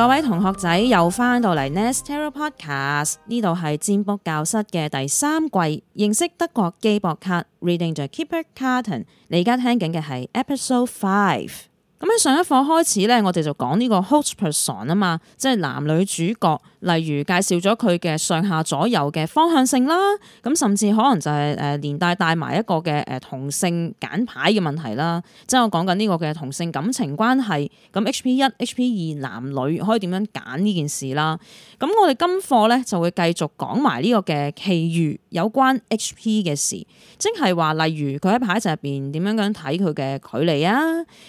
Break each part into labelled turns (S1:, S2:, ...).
S1: 各位同學仔又返到嚟 Nest Tarot Podcast 呢度係占卜教室嘅第三季，認識德國機博卡 Reading 嘅 Kipper Carton。你而家聽緊嘅係 Episode Five。咁喺上一課開始咧，我哋就講呢個 Hot Person 啊嘛，即係男女主角。例如介紹咗佢嘅上下左右嘅方向性啦，咁甚至可能就係誒連帶帶埋一個嘅誒同性揀牌嘅問題啦，即係我講緊呢個嘅同性感情關係，咁 H P 一、H P 二男女可以點樣揀呢件事啦？咁我哋今課咧就會繼續講埋呢個嘅其餘有關 H P 嘅事，即係話例如佢喺牌集入邊點樣樣睇佢嘅距離啊，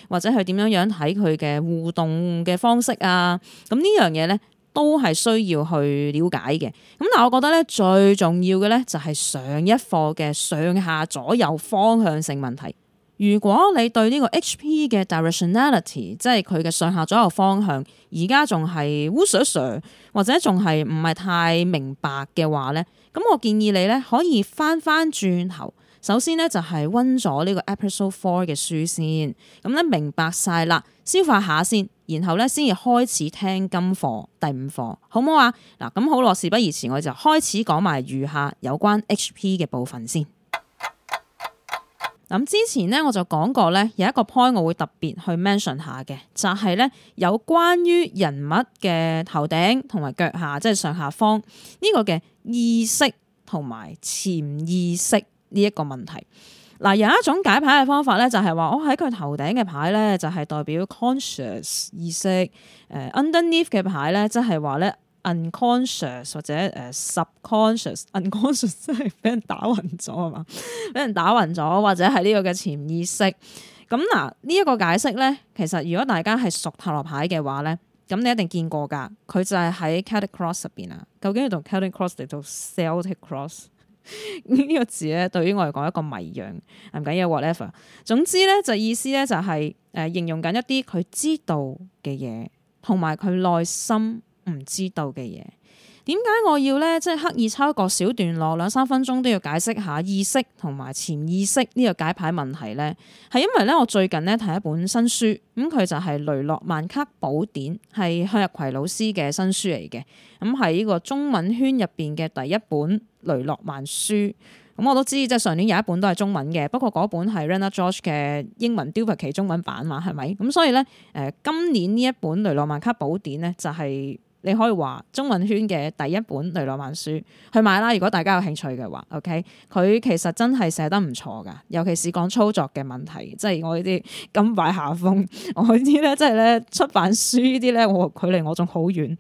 S1: 或者係點樣樣睇佢嘅互動嘅方式啊？咁呢樣嘢咧。都係需要去了解嘅，咁但係我覺得咧最重要嘅咧就係上一課嘅上下左右方向性問題。如果你對呢個 HP 嘅 directionality，即係佢嘅上下左右方向，而家仲係烏索索，或者仲係唔係太明白嘅話咧，咁我建議你咧可以翻翻轉頭，首先咧就係溫咗呢個 episode four 嘅書先，咁咧明白晒啦，消化下先。然後咧，先至開始聽今課第五課，好唔好啊？嗱，咁好咯，事不宜遲，我就開始講埋餘下有關 HP 嘅部分先。咁，嗯，之前咧，我就講過咧，有一個 point 我會特別去 mention 下嘅，就係咧有關於人物嘅頭頂同埋腳下，即係上下方呢個嘅意識同埋潛意識呢一個問題。嗱，有一種解牌嘅方法咧，就係話我喺佢頭頂嘅牌咧，就係代表 conscious 意識，誒 underneath 嘅牌咧，即係話咧 unconscious 或者誒 subconscious，unconscious 即係俾人打暈咗啊嘛，俾 人打暈咗，或者係呢個嘅潛意識。咁、嗯、嗱，呢、這、一個解釋咧，其實如果大家係熟塔羅牌嘅話咧，咁你一定見過㗎。佢就係喺 Celtic Cross 入邊啊。究竟係同 Celtic Cross 嚟到 self cross？呢 個字咧，對於我嚟講一個謎樣，唔緊要緊，whatever。總之咧，就意思咧、就是，就係誒，形容緊一啲佢知道嘅嘢，同埋佢內心唔知道嘅嘢。點解我要咧，即係刻意抄一個小段落兩三分鐘都要解釋下意識同埋潛意識呢個解牌問題咧？係因為咧，我最近咧睇一本新書，咁佢就係《雷諾曼卡寶典》，係向日葵老師嘅新書嚟嘅，咁係呢個中文圈入邊嘅第一本雷諾曼書。咁我都知，即係上年有一本都係中文嘅，不過嗰本係 Rana George 嘅英文 d u p e r k e 中文版嘛，係咪？咁所以咧，誒、呃、今年呢一本《雷諾曼卡寶典》咧就係、是。你可以話中文圈嘅第一本《雷諾曼書》去買啦，如果大家有興趣嘅話，OK，佢其實真係寫得唔錯㗎，尤其是講操作嘅問題，即係我呢啲甘拜下風，我呢啲咧，即係咧出版書呢啲咧，我距離我仲好遠。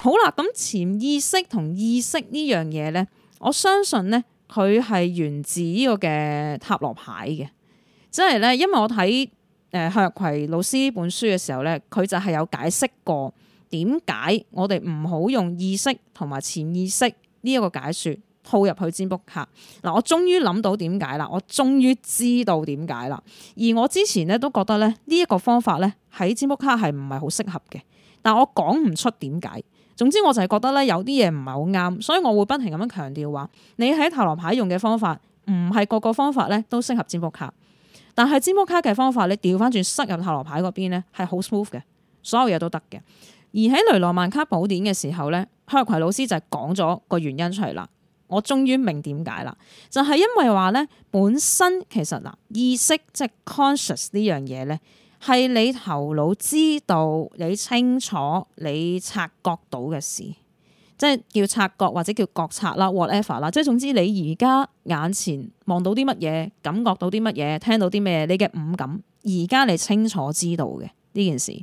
S1: 好啦，咁潛意識同意識呢樣嘢咧，我相信咧佢係源自呢個嘅塔羅牌嘅，即係咧，因為我睇誒向日葵老師呢本書嘅時候咧，佢就係有解釋過。點解我哋唔好用意識同埋潛意識呢一個解説套入去占卜卡？嗱，我終於諗到點解啦！我終於知道點解啦！而我之前咧都覺得咧呢一個方法咧喺占卜卡係唔係好適合嘅？但我講唔出點解。總之我就係覺得咧有啲嘢唔係好啱，所以我會不停咁樣強調話：你喺塔羅牌用嘅方法唔係個個方法咧都適合占卜卡。但係占卜卡嘅方法，你調翻轉塞入塔羅牌嗰邊咧係好 smooth 嘅，所有嘢都得嘅。而喺《雷諾曼卡寶典》嘅時候咧，向葵老師就係講咗個原因出嚟啦。我終於明點解啦，就係因為話咧，本身其實嗱意識即係 conscious 呢樣嘢咧，係你頭腦知道、你清楚、你察覺到嘅事，即係叫察覺或者叫覺察啦，whatever 啦，即係總之你而家眼前望到啲乜嘢，感覺到啲乜嘢，聽到啲咩，你嘅五感而家你清楚知道嘅呢件事。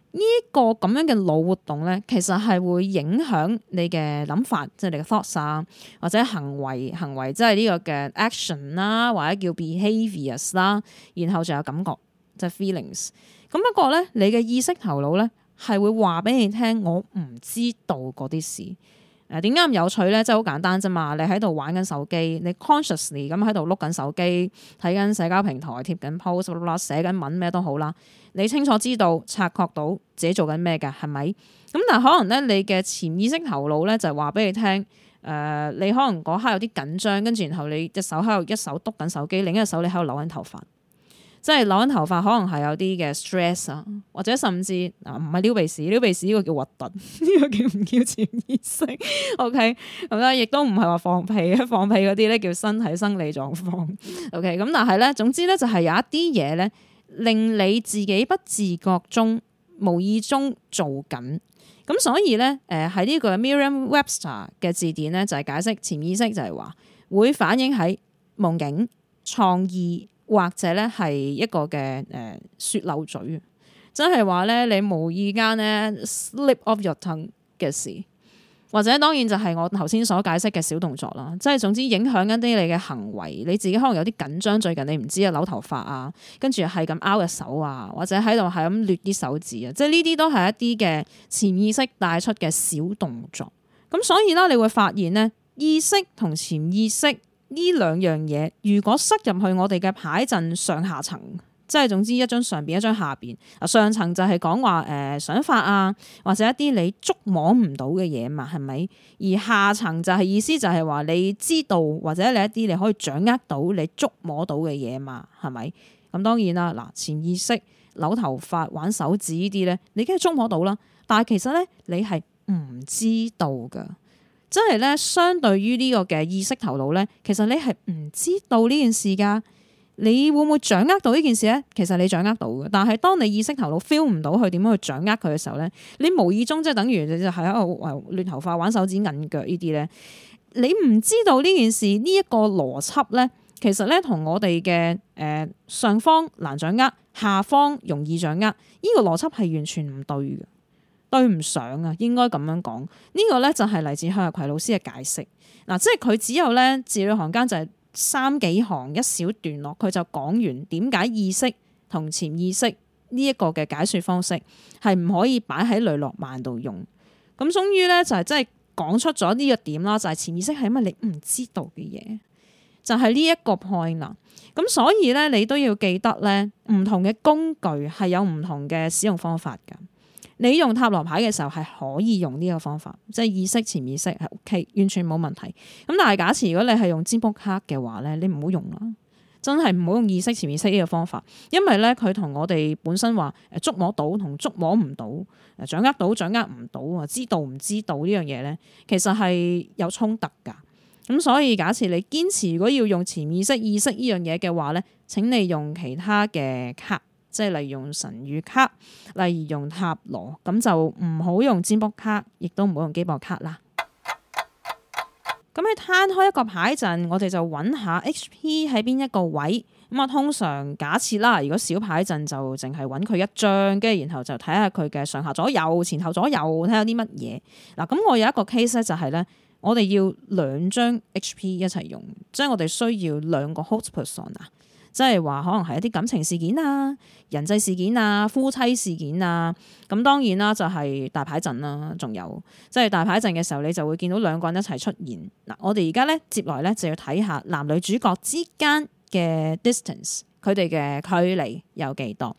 S1: 呢個咁樣嘅腦活動咧，其實係會影響你嘅諗法，即係你嘅 thoughts 啊，或者行為行為，即係呢個嘅 action 啦，或者叫 behaviors 啦，然後就有感覺，即係 feelings。咁不過咧，你嘅意識頭腦咧係會話俾你聽，我唔知道嗰啲事。誒點解咁有趣呢？即係好簡單啫嘛！你喺度玩緊手機，你 consciously 咁喺度碌緊手機，睇緊社交平台貼緊 post 啦，寫緊文咩都好啦。你清楚知道、察覺到自己做緊咩㗎，係咪？咁但係可能咧，你嘅潛意識頭腦咧就係話俾你聽，誒、呃，你可能嗰刻有啲緊張，跟住然後你隻手喺度一手督緊手機，另一隻手你喺度扭緊頭髮。即係攞緊頭髮，可能係有啲嘅 stress 啊，或者甚至啊，唔係撩鼻屎，撩鼻屎呢個叫核突，呢 個叫唔叫潛意識？OK，咁咧亦都唔係話放屁嘅，放屁嗰啲咧叫身體生理狀況。OK，咁但係咧，總之咧就係、是、有一啲嘢咧，令你自己不自覺中、無意中做緊，咁所以咧，誒喺呢個 Merriam Webster 嘅字典咧，就係、是、解釋潛意識就係話會反映喺夢境、創意。或者咧係一個嘅誒說漏嘴，真係話咧你無意間咧 slip off your tongue 嘅事，或者當然就係我頭先所解釋嘅小動作啦。即係總之影響緊啲你嘅行為，你自己可能有啲緊張。最近你唔知啊，扭頭髮啊，跟住係咁拗嘅手啊，或者喺度係咁捋啲手指啊，即係呢啲都係一啲嘅潛意識帶出嘅小動作。咁所以啦，你會發現呢意識同潛意識。呢兩樣嘢，如果塞入去我哋嘅牌陣上下層，即係總之一張上邊一張下邊。上層就係講話誒想法啊，或者一啲你觸摸唔到嘅嘢嘛，係咪？而下層就係、是、意思就係話你知道，或者你一啲你可以掌握到你觸摸到嘅嘢嘛，係咪？咁當然啦，嗱潛意識扭頭髮、玩手指呢啲咧，你梗係觸摸到啦，但係其實咧你係唔知道㗎。即係咧，相對於呢個嘅意識頭腦咧，其實你係唔知道呢件事㗎。你會唔會掌握到呢件事咧？其實你掌握到嘅，但係當你意識頭腦 feel 唔到佢點樣去掌握佢嘅時候咧，你無意中即係等於你就係喺度亂頭髮、玩手指、揞腳呢啲咧。你唔知道呢件事呢一個邏輯咧，其實咧同我哋嘅誒上方難掌握、下方容易掌握，呢個邏輯係完全唔對嘅。對唔上啊，應該咁樣講，呢、這個呢，就係嚟自向日葵老師嘅解釋。嗱，即係佢只有呢字裏行間就係三幾行一小段落，佢就講完點解意識同潛意識呢一個嘅解說方式係唔可以擺喺雷諾曼度用。咁終於呢，就係即係講出咗呢個點啦，就係潛意識係因為你唔知道嘅嘢，就係呢一個 point 啦。咁所以呢，你都要記得呢：唔同嘅工具係有唔同嘅使用方法噶。你用塔羅牌嘅時候係可以用呢個方法，即係意識、潛意識係 OK，完全冇問題。咁但係假設如果你係用占卜卡嘅話咧，你唔好用啦，真係唔好用意識、潛意識呢個方法，因為咧佢同我哋本身話捉摸到同捉摸唔到、掌握到掌握唔到啊、知道唔知道呢樣嘢咧，其實係有衝突㗎。咁所以假設你堅持如果要用潛意識、意識呢樣嘢嘅話咧，請你用其他嘅卡。即係利用神語卡，例如用塔羅，咁就唔好用占卜卡，亦都唔好用機博卡啦。咁喺攤開一個牌陣，我哋就揾下 HP 喺邊一個位。咁啊，通常假設啦，如果小牌陣就淨係揾佢一張，跟住然後就睇下佢嘅上下左右、前後左右睇下啲乜嘢。嗱，咁我有一個 case 咧，就係、是、咧，我哋要兩張 HP 一齊用，即係我哋需要兩個 host person 啊。即係話可能係一啲感情事件啊、人際事件啊、夫妻事件啊，咁當然啦就係大牌陣啦，仲有即係大牌陣嘅時候，你就會見到兩個人一齊出現。嗱，我哋而家咧接來咧就要睇下男女主角之間嘅 distance，佢哋嘅距離有幾多？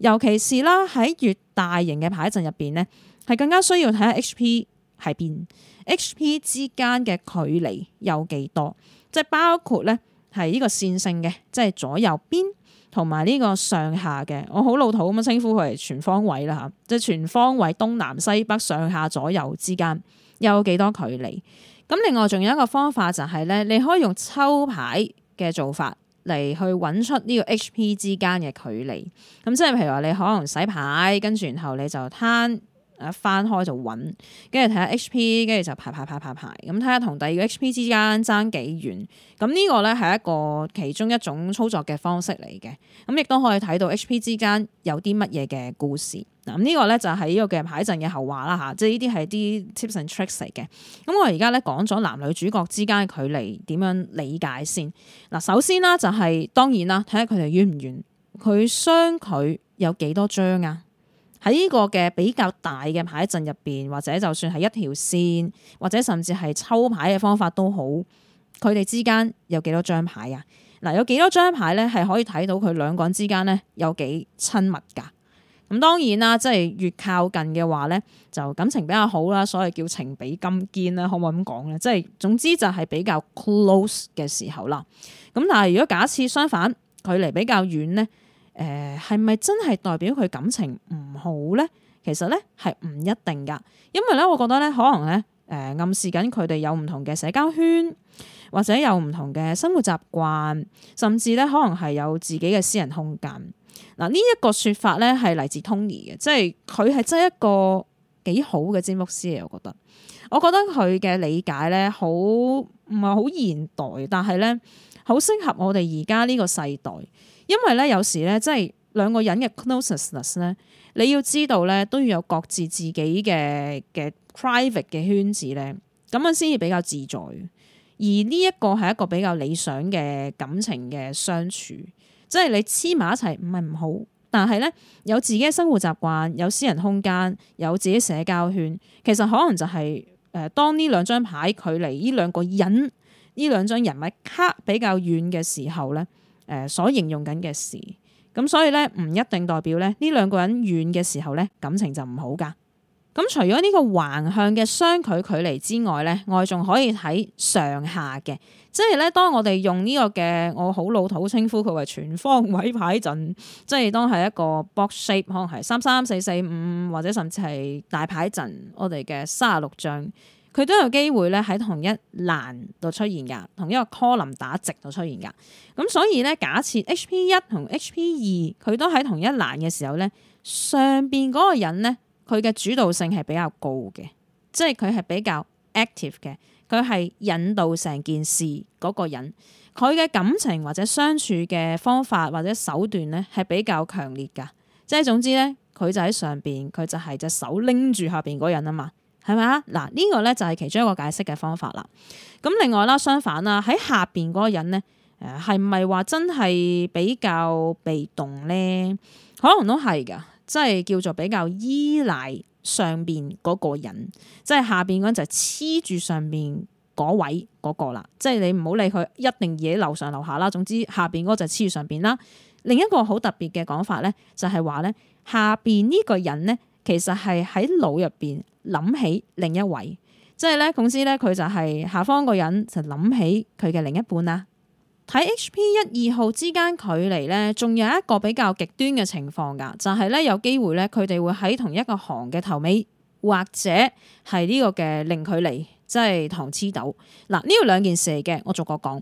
S1: 尤其是啦喺越大型嘅牌陣入邊咧，係更加需要睇下 HP 喺邊，HP 之間嘅距離有幾多？即係包括咧。係呢個線性嘅，即係左右邊同埋呢個上下嘅，我好老土咁樣稱呼佢係全方位啦吓，即係全方位東南西北上下左右之間有幾多距離？咁另外仲有一個方法就係咧，你可以用抽牌嘅做法嚟去揾出呢個 HP 之間嘅距離。咁即係譬如話你可能洗牌，跟住然後你就攤。一翻開就揾，跟住睇下 HP，跟住就排排排排排，咁睇下同第二個 HP 之間爭幾遠。咁、這、呢個咧係一個其中一種操作嘅方式嚟嘅。咁亦都可以睇到 HP 之間有啲乜嘢嘅故事。嗱，咁呢個咧就係呢個嘅牌陣嘅後話啦嚇。即係呢啲係啲 tips and tricks 嚟嘅。咁我而家咧講咗男女主角之間嘅距離點樣理解先。嗱，首先啦就係、是、當然啦，睇下佢哋遠唔遠，佢相距有幾多張啊？喺呢個嘅比較大嘅牌陣入邊，或者就算係一條線，或者甚至係抽牌嘅方法都好，佢哋之間有幾多張牌啊？嗱、嗯，有幾多張牌咧，係可以睇到佢兩個人之間咧有幾親密㗎？咁當然啦，即係越靠近嘅話咧，就感情比較好啦，所謂叫情比金堅啦，可唔可以咁講咧？即係總之就係比較 close 嘅時候啦。咁但係如果假設相反，距離比較遠咧。誒係咪真係代表佢感情唔好呢？其實呢係唔一定噶，因為咧我覺得咧可能咧誒、呃、暗示緊佢哋有唔同嘅社交圈，或者有唔同嘅生活習慣，甚至咧可能係有自己嘅私人空間。嗱、呃這個、呢一個說法咧係嚟自 Tony 嘅，即係佢係真係一個幾好嘅占卜師嚟，我覺得。我覺得佢嘅理解咧好唔係好現代，但係咧好適合我哋而家呢個世代。因為咧，有時咧，即係兩個人嘅 closeness 咧，你要知道咧，都要有各自自己嘅嘅 private 嘅圈子咧，咁樣先至比較自在。而呢一個係一個比較理想嘅感情嘅相處，即係你黐埋一齊唔係唔好，但係咧有自己嘅生活習慣，有私人空間，有自己社交圈，其實可能就係、是、誒、呃，當呢兩張牌距離呢兩個人呢兩張人物卡比較遠嘅時候咧。誒所形容緊嘅事，咁所以咧唔一定代表咧呢兩個人遠嘅時候咧感情就唔好噶。咁除咗呢個橫向嘅相距距離之外咧，我仲可以睇上下嘅，即係咧當我哋用呢個嘅我好老土稱呼佢為全方位牌陣，即係當係一個 box shape 可能係三三四四五或者甚至係大牌陣，我哋嘅三十六張。佢都有機會咧喺同一欄度出現㗎，同一個 call 林打直度出現㗎。咁所以咧，假設 HP 一同 HP 二佢都喺同一欄嘅時候咧，上邊嗰個人咧，佢嘅主導性係比較高嘅，即係佢係比較 active 嘅，佢係引導成件事嗰個人。佢嘅感情或者相處嘅方法或者手段咧係比較強烈㗎。即係總之咧，佢就喺上邊，佢就係隻手拎住下邊嗰人啊嘛。係咪啊？嗱，呢個咧就係其中一個解釋嘅方法啦。咁另外啦，相反啦，喺下邊嗰個人咧，誒係咪話真係比較被動咧？可能都係噶，即係叫做比較依賴上邊嗰個人，即係下邊嗰人就黐住上邊嗰位嗰個啦。即係你唔好理佢，一定嘢樓上樓下啦。總之下邊嗰就黐住上邊啦。另一個好特別嘅講法咧，就係話咧，下邊呢個人咧。其實係喺腦入邊諗起另一位，即係咧，總之咧，佢就係下方個人就諗起佢嘅另一半啦。睇 HP 一二號之間距離咧，仲有一個比較極端嘅情況㗎，就係咧，有機會咧，佢哋會喺同一個行嘅頭尾，或者係呢個嘅零距離。即係糖黐豆嗱，呢個兩件事嚟嘅。我逐個講。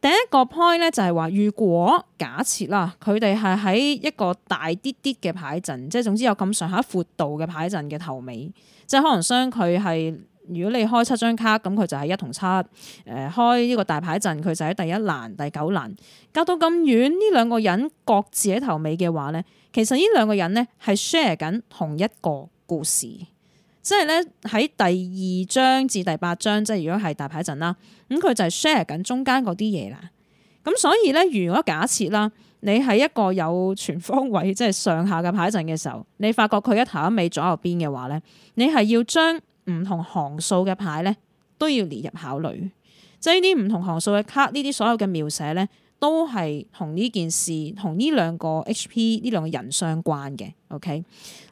S1: 第一個 point 咧就係話，如果假設啦，佢哋係喺一個大啲啲嘅牌陣，即係總之有咁上下闊度嘅牌陣嘅頭尾，即係可能相佢係如果你開七張卡，咁佢就係一同七。誒、呃，開呢個大牌陣，佢就喺第一欄、第九欄，隔到咁遠。呢兩個人各自喺頭尾嘅話咧，其實呢兩個人咧係 share 緊同一個故事。即係咧喺第二張至第八張，即係如果係大牌陣啦，咁佢就係 share 緊中間嗰啲嘢啦。咁所以咧，如果假設啦，你喺一個有全方位即係上下嘅牌陣嘅時候，你發覺佢一頭一尾左右邊嘅話咧，你係要將唔同行數嘅牌咧都要列入考慮。即係呢啲唔同行數嘅卡，呢啲所有嘅描寫咧。都係同呢件事，同呢兩個 H.P. 呢兩個人相關嘅。OK，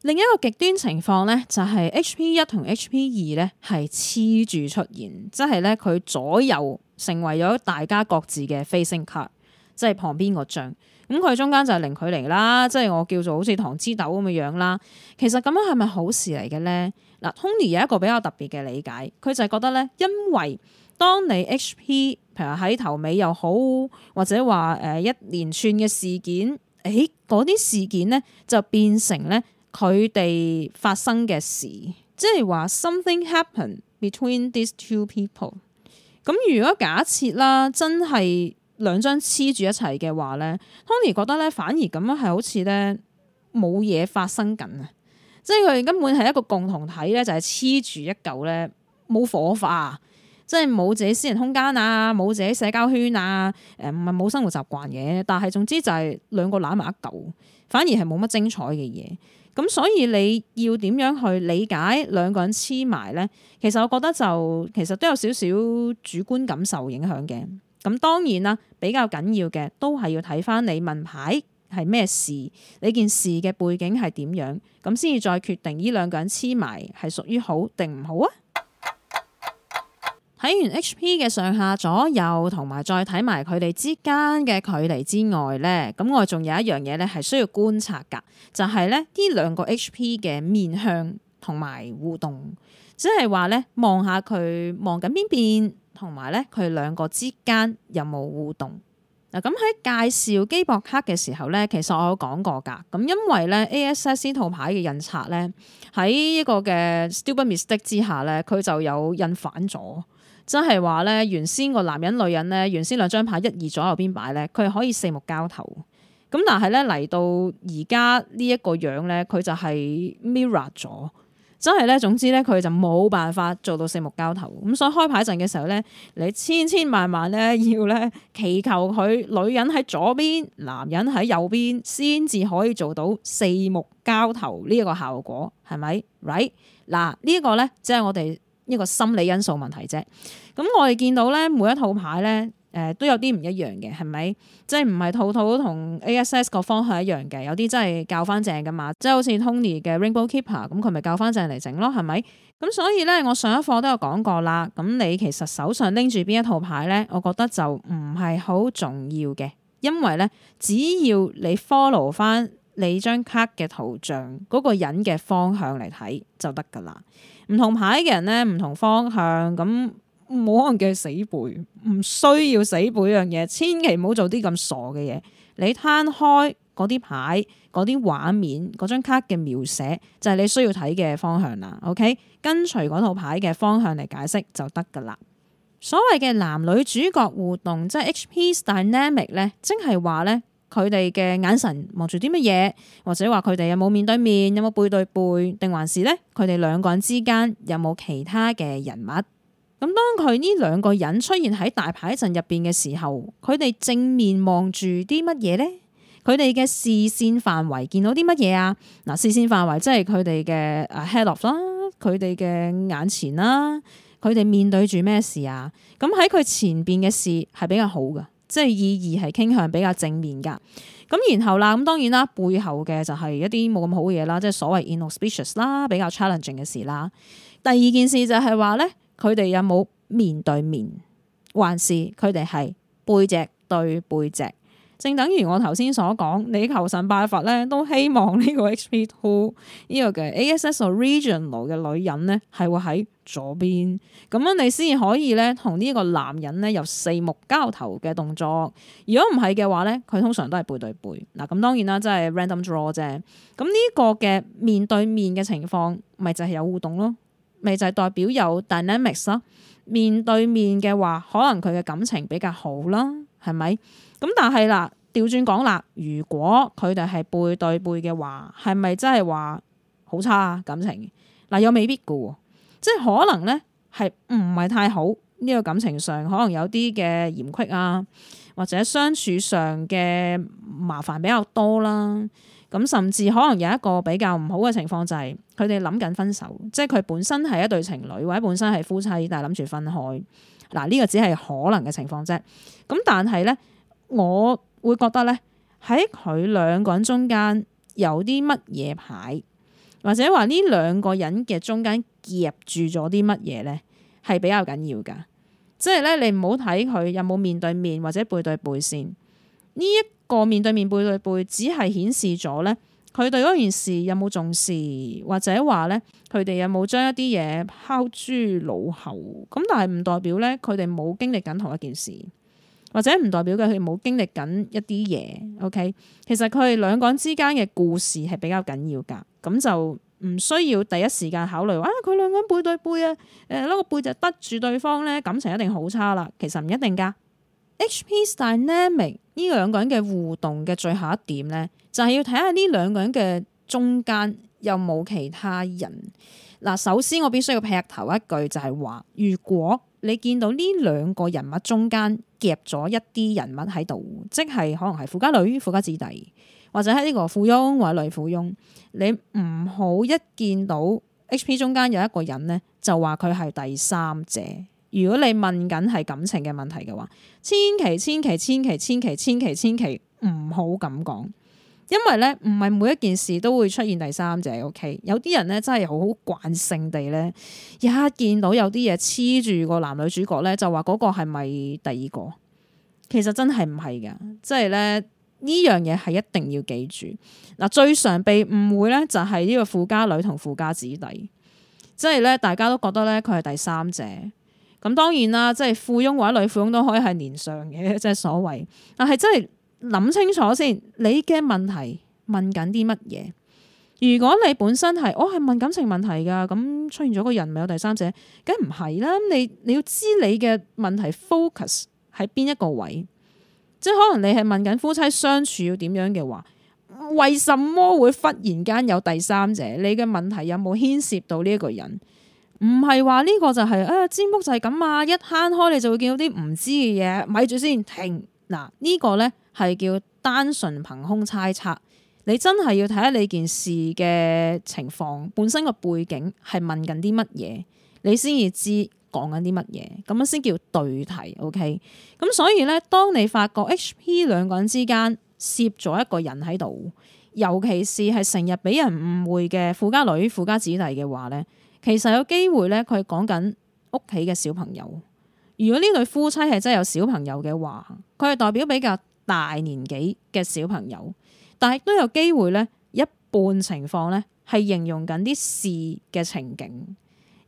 S1: 另一個極端情況呢，就係、是、H.P. 一同 H.P. 二呢係黐住出現，即係呢，佢左右成為咗大家各自嘅飛升卡，即係旁邊個像咁佢中間就係零距離啦，即係我叫做好似糖之豆咁嘅樣啦。其實咁樣係咪好事嚟嘅呢？嗱，Tony 有一個比較特別嘅理解，佢就係覺得呢，因為當你 H.P. 喺頭尾又好，或者話誒一連串嘅事件，誒嗰啲事件咧就變成咧佢哋發生嘅事，即係話 something happened between these two people。咁如果假設啦，真係兩張黐住一齊嘅話咧，Tony 覺得咧反而咁樣係好似咧冇嘢發生緊啊！即係佢哋根本係一個共同體咧，就係黐住一嚿咧冇火化。即係冇自己私人空間啊，冇自己社交圈啊，誒唔係冇生活習慣嘅，但係總之就係兩個攬埋一嚿，反而係冇乜精彩嘅嘢。咁、嗯、所以你要點樣去理解兩個人黐埋呢？其實我覺得就其實都有少少主觀感受影響嘅。咁、嗯、當然啦，比較緊要嘅都係要睇返你問牌係咩事，你件事嘅背景係點樣，咁先至再決定呢兩個人黐埋係屬於好定唔好啊。睇完 H.P. 嘅上下左右同埋再睇埋佢哋之間嘅距離之外咧，咁我仲有一樣嘢咧係需要觀察噶，就係咧呢兩個 H.P. 嘅面向同埋互動，即係話咧望下佢望緊邊邊，同埋咧佢兩個之間有冇互動嗱。咁、啊、喺介紹基博卡嘅時候咧，其實我有講過噶，咁因為咧 A.S.S. 套牌嘅印刷咧喺一個嘅 stupid mistake 之下咧，佢就有印反咗。真係話咧，原先個男人女人咧，原先兩張牌一、二左右邊擺咧，佢係可以四目交投。咁但係咧，嚟到而家呢一個樣咧，佢就係 mirror 咗。真係咧，總之咧，佢就冇辦法做到四目交投。咁所以開牌陣嘅時候咧，你千千萬萬咧要咧祈求佢女人喺左邊，男人喺右邊，先至可以做到四目交投呢一個效果，係咪？Right？嗱，呢、這、一個咧，即係我哋。一個心理因素問題啫，咁我哋見到咧，每一套牌咧，誒、呃、都有啲唔一樣嘅，係咪？即係唔係套套同 ASS 個方向一樣嘅？有啲真係教翻正嘅嘛，即係好似 Tony 嘅 Rainbow Keeper，咁佢咪教翻正嚟整咯，係咪？咁所以咧，我上一課都有講過啦。咁你其實手上拎住邊一套牌咧，我覺得就唔係好重要嘅，因為咧，只要你 follow 翻。你張卡嘅圖像嗰個人嘅方向嚟睇就得噶啦。唔同牌嘅人咧，唔同方向咁冇可能叫死背，唔需要死背一樣嘢，千祈唔好做啲咁傻嘅嘢。你攤開嗰啲牌，嗰啲畫面，嗰張卡嘅描寫就係你需要睇嘅方向啦。OK，跟隨嗰套牌嘅方向嚟解釋就得噶啦。所謂嘅男女主角互動，即係 HP dynamic 咧，即係話咧。佢哋嘅眼神望住啲乜嘢，或者話佢哋有冇面對面，有冇背對背，定還是呢？佢哋兩個人之間有冇其他嘅人物？咁當佢呢兩個人出現喺大牌陣入邊嘅時候，佢哋正面望住啲乜嘢呢？佢哋嘅視線範圍見到啲乜嘢啊？嗱，視線範圍即係佢哋嘅 head of 啦，佢哋嘅眼前啦，佢哋面對住咩事啊？咁喺佢前邊嘅事係比較好噶。即係意義係傾向比較正面噶，咁然後啦，咁當然啦，背後嘅就係一啲冇咁好嘅嘢啦，即係所謂 inauspicious 啦，比較 challenging 嘅事啦。第二件事就係話咧，佢哋有冇面對面，還是佢哋係背脊對背脊？正等於我頭先所講，你求神拜佛咧，都希望呢個 X P Two 呢個嘅 ASS original 嘅女人咧，係會喺左邊，咁樣你先可以咧同呢個男人咧有四目交投嘅動作。如果唔係嘅話咧，佢通常都係背對背。嗱，咁當然啦，即係 random draw 啫。咁、這、呢個嘅面對面嘅情況，咪就係、是、有互動咯，咪就係、是、代表有 dynamics 咯。面對面嘅話，可能佢嘅感情比較好啦。係咪？咁但係啦，調轉講啦，如果佢哋係背對背嘅話，係咪真係話好差啊，感情？嗱，又未必㗎，即係可能咧，係唔係太好呢，這個感情上，可能有啲嘅嫌隙啊，或者相處上嘅麻煩比較多啦。咁甚至可能有一個比較唔好嘅情況就係，佢哋諗緊分手，即係佢本身係一對情侶或者本身係夫妻，但係諗住分開。嗱，呢個只係可能嘅情況啫。咁但係咧，我會覺得咧，喺佢兩個人中間有啲乜嘢牌，或者話呢兩個人嘅中間夾住咗啲乜嘢咧，係比較緊要噶。即以咧，你唔好睇佢有冇面對面或者背對背先。呢、這、一個面對面背對背只顯，只係顯示咗咧。佢對嗰件事有冇重視，或者話呢，佢哋有冇將一啲嘢拋諸腦後？咁但係唔代表呢，佢哋冇經歷緊同一件事，或者唔代表佢佢冇經歷緊一啲嘢。OK，其實佢哋兩個人之間嘅故事係比較緊要噶，咁就唔需要第一時間考慮話，啊佢兩個人背對背啊，誒攞個背脊得住對方呢，感情一定好差啦。其實唔一定噶。HP dynamic。呢兩個人嘅互動嘅最後一點呢，就係要睇下呢兩個人嘅中間有冇其他人。嗱，首先我必須要劈頭一句就係話：如果你見到呢兩個人物中間夾咗一啲人物喺度，即係可能係富家女、富家子弟，或者係呢個富翁或者女富翁，你唔好一見到 HP 中間有一個人呢，就話佢係第三者。如果你問緊係感情嘅問題嘅話，千祈千祈千祈千祈千祈千祈唔好咁講，因為咧唔係每一件事都會出現第三者。OK？有啲人咧真係好慣性地咧，一見到有啲嘢黐住個男女主角咧，就話嗰個係咪第二個？其實真係唔係嘅，即係咧呢樣嘢係一定要記住嗱。最常被誤會咧就係呢個富家女同富家子弟，即係咧大家都覺得咧佢係第三者。咁當然啦，即係富翁或者女富翁都可以係年上嘅，即係所謂。但係真係諗清楚先，你嘅問題問緊啲乜嘢？如果你本身係我係問感情問題㗎，咁出現咗個人咪有第三者，梗唔係啦。你你要知你嘅問題 focus 喺邊一個位？即係可能你係問緊夫妻相處要點樣嘅話，為什麼會忽然間有第三者？你嘅問題有冇牽涉到呢一個人？唔係話呢個就係、是、啊，占卜就係咁啊，一攤開你就會見到啲唔知嘅嘢，咪住先，停。嗱呢、呢個呢係叫單純憑空猜測。你真係要睇下你件事嘅情況，本身個背景係問緊啲乜嘢，你先至知講緊啲乜嘢，咁樣先叫對題。OK，咁所以呢，當你發覺 H.P. 兩個人之間攝咗一個人喺度，尤其是係成日俾人誤會嘅富家女、富家子弟嘅話呢。其實有機會咧，佢講緊屋企嘅小朋友。如果呢對夫妻係真係有小朋友嘅話，佢係代表比較大年紀嘅小朋友，但係都有機會咧，一半情況咧係形容緊啲事嘅情景，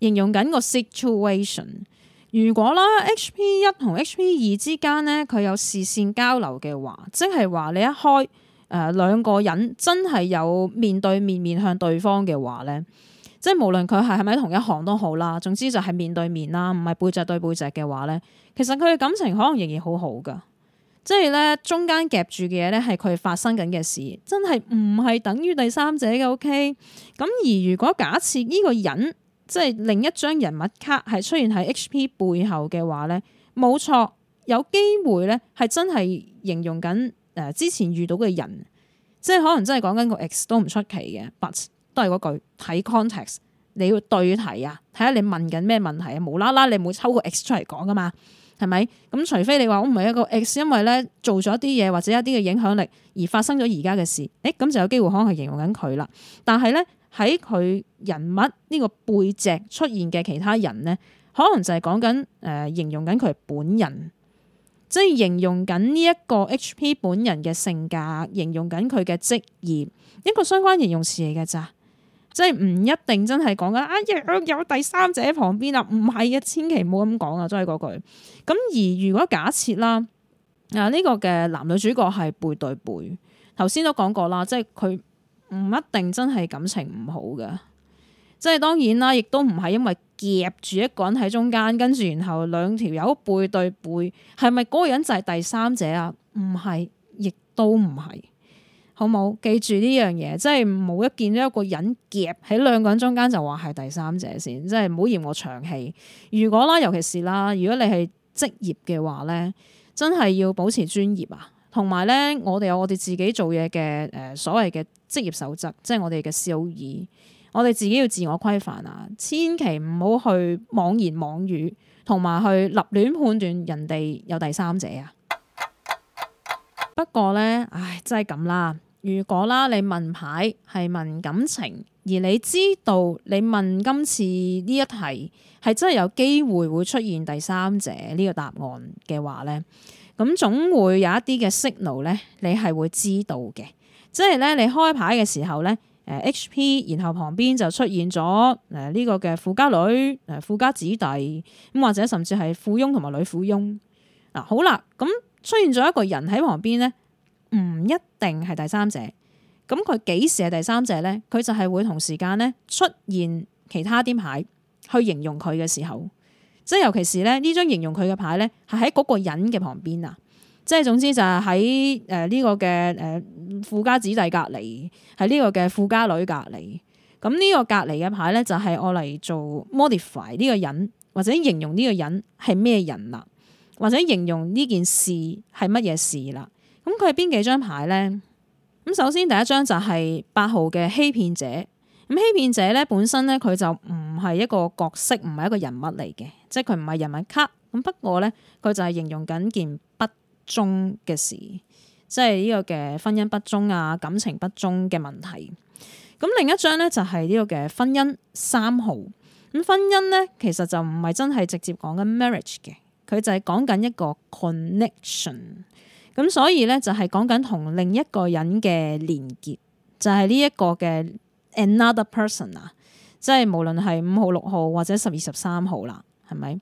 S1: 形容緊個 situation。如果啦，HP 一同 HP 二之間咧，佢有視線交流嘅話，即係話你一開誒、呃、兩個人真係有面對面面向對方嘅話咧。即係無論佢係係咪同一行都好啦，總之就係面對面啦，唔係背脊對背脊嘅話咧，其實佢嘅感情可能仍然好好噶。即係咧中間夾住嘅嘢咧，係佢發生緊嘅事，真係唔係等於第三者嘅。OK，咁而如果假設呢個人即係另一張人物卡係出現喺 HP 背後嘅話咧，冇錯，有機會咧係真係形容緊誒之前遇到嘅人，即係可能真係講緊個 X 都唔出奇嘅。But 都係嗰句，睇 context，你要對題啊，睇下你問緊咩問題啊，無啦啦你冇抽個 X 出嚟講噶嘛，係咪？咁除非你話我唔係一個 X，因為咧做咗一啲嘢或者一啲嘅影響力而發生咗而家嘅事，誒咁就有機會可能係形容緊佢啦。但係咧喺佢人物呢個背脊出現嘅其他人咧，可能就係講緊誒形容緊佢、呃、本人，即係形容緊呢一個 H.P 本人嘅性格，形容緊佢嘅職業一個相關形容詞嚟嘅咋。即係唔一定真係講緊啊，又有第三者喺旁邊啊！唔係嘅，千祈唔好咁講啊，即係嗰句。咁而如果假設啦，啊呢個嘅男女主角係背對背，頭先都講過啦，即係佢唔一定真係感情唔好嘅。即係當然啦，亦都唔係因為夾住一個人喺中間，跟住，然後兩條友背對背，係咪嗰個人就係第三者啊？唔係，亦都唔係。好冇，記住呢樣嘢，即係冇一見到一個人夾喺兩個人中間就話係第三者先，即係唔好嫌我長氣。如果啦，尤其是啦，如果你係職業嘅話咧，真係要保持專業啊。同埋咧，我哋有我哋自己做嘢嘅誒所謂嘅職業守則，即係我哋嘅笑 o 我哋自己要自我規範啊，千祈唔好去妄言妄語，同埋去立亂判斷人哋有第三者啊。不過咧，唉，真係咁啦。如果啦，你問牌係問感情，而你知道你問今次呢一題係真係有機會會出現第三者呢個答案嘅話呢，咁總會有一啲嘅 signal 咧，你係會知道嘅。即係呢，你開牌嘅時候呢，誒 HP，然後旁邊就出現咗誒呢個嘅富家女、誒富家子弟咁，或者甚至係富翁同埋女富翁。嗱，好啦，咁出現咗一個人喺旁邊呢。唔一定係第三者，咁佢幾時係第三者咧？佢就係會同時間咧出現其他啲牌去形容佢嘅時候，即係尤其是咧呢張形容佢嘅牌咧，係喺嗰個人嘅旁邊啊。即係總之就係喺誒呢個嘅誒富家子弟隔籬，喺呢個嘅富家女隔籬。咁呢個隔籬嘅牌咧，就係我嚟做 modify 呢個人或者形容呢個人係咩人啦，或者形容呢件事係乜嘢事啦。咁佢係邊幾張牌呢？咁首先第一張就係八號嘅欺騙者。咁欺騙者咧本身咧佢就唔係一個角色，唔係一個人物嚟嘅，即係佢唔係人物卡。咁不過咧佢就係形容緊件不忠嘅事，即係呢個嘅婚姻不忠啊，感情不忠嘅問題。咁另一張咧就係呢個嘅婚姻三號。咁婚姻咧其實就唔係真係直接講緊 marriage 嘅，佢就係講緊一個 connection。咁所以咧就係講緊同另一個人嘅連結，就係呢一個嘅 another person 啊，即係無論係五號六號或者十二十三號啦，係咪？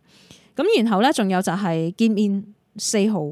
S1: 咁然後咧仲有就係見面四號，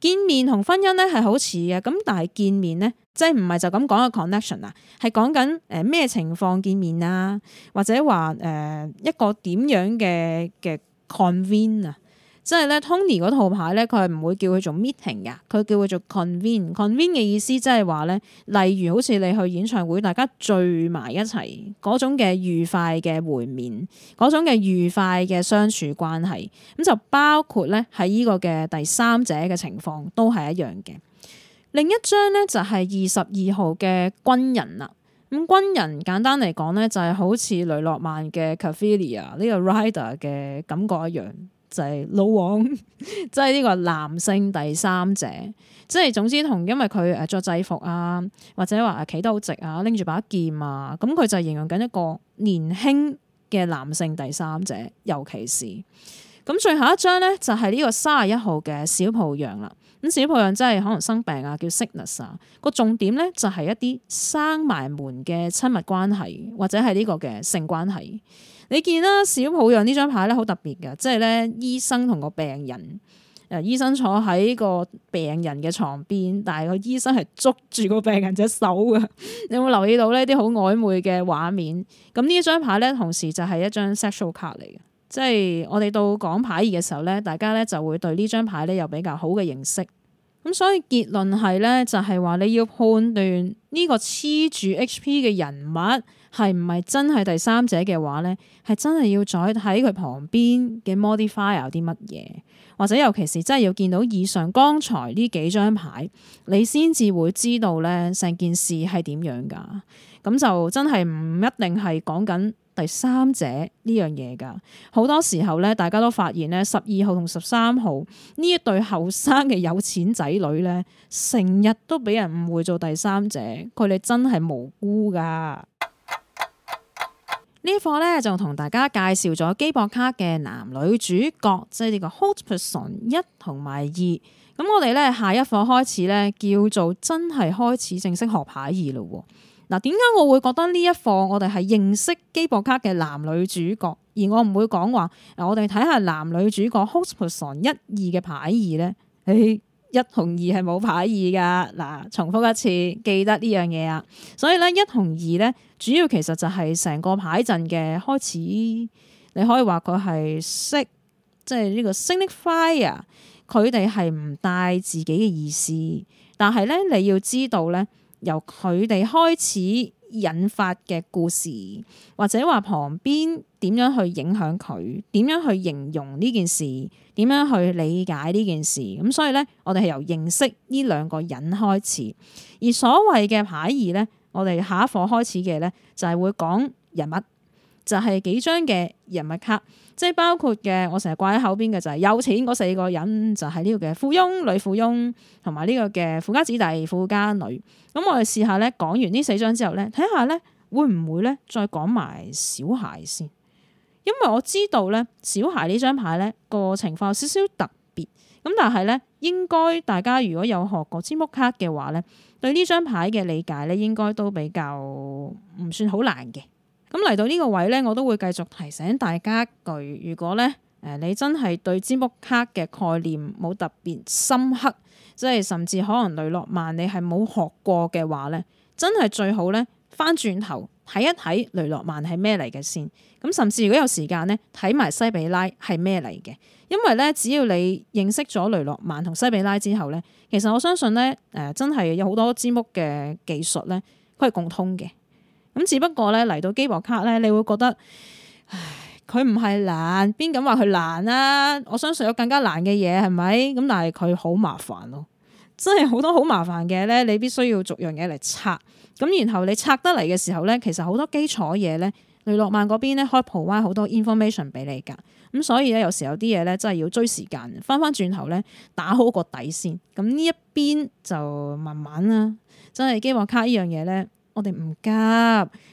S1: 見面同婚姻咧係好似嘅，咁但係見面咧即係唔係就咁講個 connection 啊，係講緊誒咩情況見面啊，或者話誒一個點樣嘅嘅 convene 啊？即係咧，Tony 嗰套牌咧，佢係唔會叫佢做 meeting 嘅，佢叫佢做 convene。convene 嘅意思即係話咧，例如好似你去演唱會，大家聚埋一齊嗰種嘅愉快嘅會面，嗰種嘅愉快嘅相處關係，咁就包括咧喺呢個嘅第三者嘅情況都係一樣嘅。另一張咧就係二十二號嘅軍人啦。咁軍人簡單嚟講咧，就係、是、好似雷諾曼嘅 Cafilia 呢個 Rider 嘅感覺一樣。就係老王，即係呢個男性第三者，即、就、係、是、總之同因為佢誒着制服啊，或者話企得好直啊，拎住把劍啊，咁佢就形容緊一個年輕嘅男性第三者，尤其是，咁最後一張呢，就係、是、呢個三十一號嘅小抱羊啦，咁小抱羊真係可能生病啊，叫 sickness 啊，個重點呢，就係一啲生埋門嘅親密關係，或者係呢個嘅性關係。你見啦，小抱養呢張牌咧好特別嘅，即係咧，醫生同個病人，誒醫生坐喺個病人嘅床邊，但係個醫生係捉住個病人隻手嘅。 你有冇留意到呢啲好曖昧嘅畫面？咁呢張牌咧，同時就係一張 sexual card 嚟嘅。即係我哋到講牌二嘅時候咧，大家咧就會對呢張牌咧有比較好嘅認識。咁所以結論係咧，就係話你要判斷呢個黐住 HP 嘅人物係唔係真係第三者嘅話咧，係真係要再睇佢旁邊嘅 modifier 有啲乜嘢，或者尤其是真係要見到以上剛才呢幾張牌，你先至會知道咧成件事係點樣噶。咁就真係唔一定係講緊。第三者呢樣嘢噶，好多時候咧，大家都發現咧，十二號同十三號呢一對後生嘅有錢仔女呢，成日都俾人誤會做第三者，佢哋真係無辜噶。呢課 呢，就同大家介紹咗基博卡嘅男女主角，即係呢個 Hot Person 一同埋二。咁我哋呢，下一課開始呢，叫做真係開始正式學牌二啦。嗱，點解我會覺得呢一課我哋係認識基博卡嘅男女主角，而我唔會講話嗱，我哋睇下男女主角 host person 一二嘅牌二咧，誒、哎，一同二係冇牌二噶。嗱，重複一次，記得呢樣嘢啊。所以咧，一同二咧，主要其實就係成個牌陣嘅開始，你可以話佢係識，即係呢個 signifier，佢哋係唔帶自己嘅意思，但係咧，你要知道咧。由佢哋開始引發嘅故事，或者話旁邊點樣去影響佢，點樣去形容呢件事，點樣去理解呢件事。咁所以呢，我哋係由認識呢兩個人開始。而所謂嘅牌二呢，我哋下一課開始嘅呢，就係會講人物。就係幾張嘅人物卡，即係包括嘅。我成日掛喺口邊嘅就係有錢嗰四個人，就係呢個嘅富翁、女富翁同埋呢個嘅富家子弟、富家女。咁我哋試下咧，講完呢四張之後咧，睇下咧會唔會咧再講埋小孩先，因為我知道咧小孩呢張牌咧個情況有少少特別。咁但係咧應該大家如果有學過占卜卡嘅話咧，對呢張牌嘅理解咧應該都比較唔算好難嘅。咁嚟到呢個位咧，我都會繼續提醒大家一句，如果咧誒你真係對占卜卡嘅概念冇特別深刻，即係甚至可能雷諾曼你係冇學過嘅話咧，真係最好咧翻轉頭睇一睇雷諾曼係咩嚟嘅先。咁甚至如果有時間咧，睇埋西比拉係咩嚟嘅，因為咧只要你認識咗雷諾曼同西比拉之後咧，其實我相信咧誒真係有好多占卜嘅技術咧，佢係共通嘅。咁只不過咧嚟到基博卡咧，你會覺得，唉，佢唔係難，邊敢話佢難啊？我相信有更加難嘅嘢，係咪？咁但係佢好麻煩咯，真係好多好麻煩嘅，咧你必須要逐樣嘢嚟拆。咁然後你拆得嚟嘅時候咧，其實好多基礎嘢咧，雷諾曼嗰邊咧可以 provide 好多 information 俾你噶。咁所以咧，有時候有啲嘢咧真係要追時間。翻翻轉頭咧，打好個底先。咁呢一邊就慢慢啦。真係基博卡呢樣嘢咧。我哋唔急，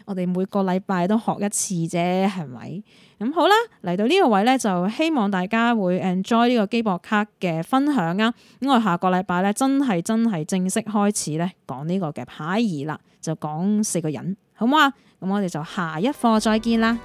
S1: 我哋每個禮拜都學一次啫，係咪？咁好啦，嚟到呢個位呢，就希望大家會 enjoy 呢個機博卡嘅分享啊！咁我哋下個禮拜呢，真係真係正式開始呢講呢個嘅牌兒啦，就講四個人，好唔好啊？咁我哋就下一課再見啦。